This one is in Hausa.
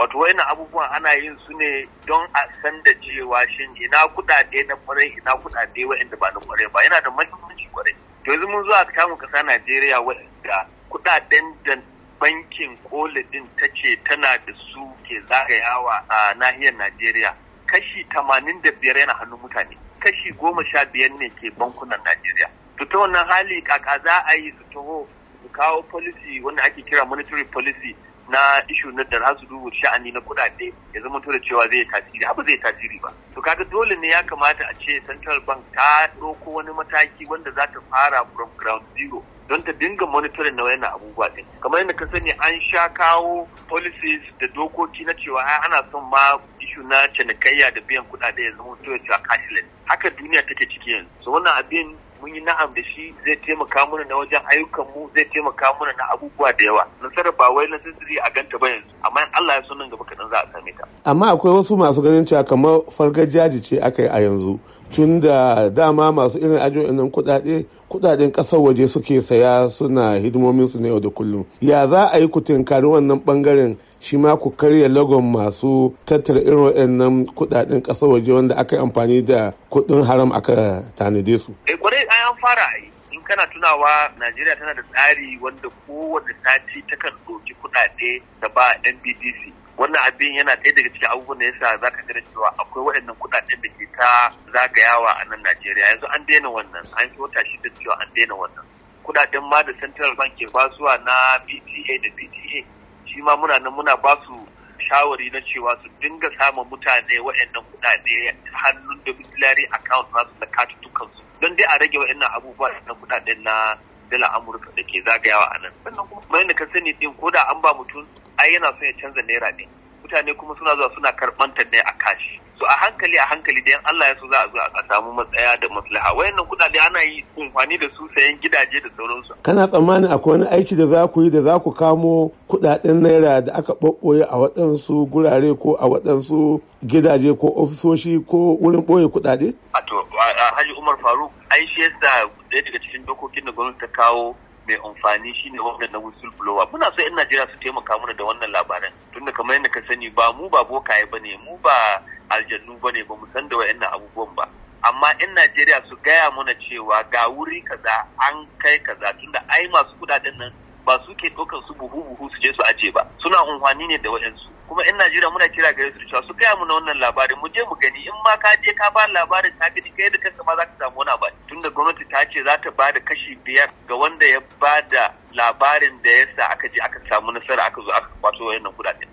wato wayannan abubuwan ana yin su ne don a san da cewa shin ina kudade na kwarai ina kudade wayanda ba na kwarai ba yana da mahimmanci kwarai to yanzu mun zo a kamun kasa Najeriya wayanda kudaden da bankin din ta ce tana da su ke zagayawa a nahiyar Najeriya kashi tamanin da biyar yana hannun mutane kashi goma sha biyar ne ke bankunan Najeriya to ta wannan hali kaka za a yi su taho su kawo policy wanda ake kira monetary policy na ishu na da za su dubu sha'ani na kudade ya zama to da cewa zai tasiri abu zai tasiri ba to kaga dole ne ya kamata a ce central bank ta ɗauko wani mataki wanda za ta fara from ground zero don ta dinga monitoring na wayannan abubuwa din kamar yadda ka sani an sha kawo policies da dokoki na cewa ana son ma ishu na cinikayya da biyan kudade ya zama to da cewa cashless haka duniya take ciki yanzu so wannan abin mun yi na'am da shi zai taimaka mana na wajen ayyukan mu zai taimaka mana na abubuwa da yawa nasarar ba wai nasiri a ganta ba yanzu amma in Allah ya so nan gaba kaɗan za a same ta amma akwai wasu masu ganin cewa kamar fargajiya ce aka yi a yanzu tun da dama masu irin ajiyoyin nan kudade kudaden kasar waje suke saya suna hidimomin su na yau da kullum ya za a yi ku tinkari wannan bangaren shi ma ku karya lagon masu tattara irin wa'annan kudaden kasar waje wanda aka yi amfani da kudin haram aka tanade su kwarai eh, an fara in kana tunawa Najeriya tana da tsari wanda kowane sati takan ɗauki kudade da ba NBDC wannan abin yana ɗaya daga cikin abubuwan da yasa za ka gani cewa akwai waɗannan kuɗaɗen da ke ta zagayawa a nan Najeriya yanzu an daina wannan an yi wata da cewa an daina wannan kuɗaɗen ma da Central Bank ke basuwa na BTA da BTA shi ma muna nan muna ba su shawari na cewa su dinga samun mutane waɗannan kuɗaɗe hannun da account nasu na katutukansu don dai a rage waɗannan abubuwa na kuɗaɗen na dala amurka da ke zagayawa a nan sannan kuma yadda ka sani din ko da an ba mutum ai yana son ya canza naira ne mutane kuma suna zuwa suna karɓan ta ne a kashi so a hankali a hankali da yan Allah ya so za a zo a samu matsaya da maslaha wayannan kuɗaɗe ana yi amfani da su sayan gidaje da sauransu kana tsammanin akwai wani aiki da za ku yi da za ku kamo kuɗaɗen naira da aka ɓoɓɓoye a waɗansu gurare ko a waɗansu gidaje ko ofisoshi ko wurin ɓoye kuɗaɗe a to Alhaji Umar Faruk ai shi yasa ɗaya daga cikin dokokin da gwamnati ta kawo mai amfani shine wanda na whistle blower muna so yan Najeriya su taimaka mana da wannan labaran tunda kamar yadda ka sani ba mu ba bokaye bane mu ba aljannu bane ba mu san da wayannan abubuwan ba amma yan Najeriya su gaya mana cewa ga wuri kaza an kai kaza tunda ai masu kudaden nan ba su ke ɗaukan su buhu buhu su je su aje ba suna amfani ne da waɗansu. kuma in Najeriya muna kira gare su cewa su gaya mu na wannan labarin mu je mu gani in ma ka je ka ba labarin ka gidi kai da kanka ma za ka samu wani abu tunda gwamnati ta ce za ta ba da kashi biyar ga wanda ya ba da labarin da ya sa aka je aka samu nasara aka zo aka kwato wayannan kudaden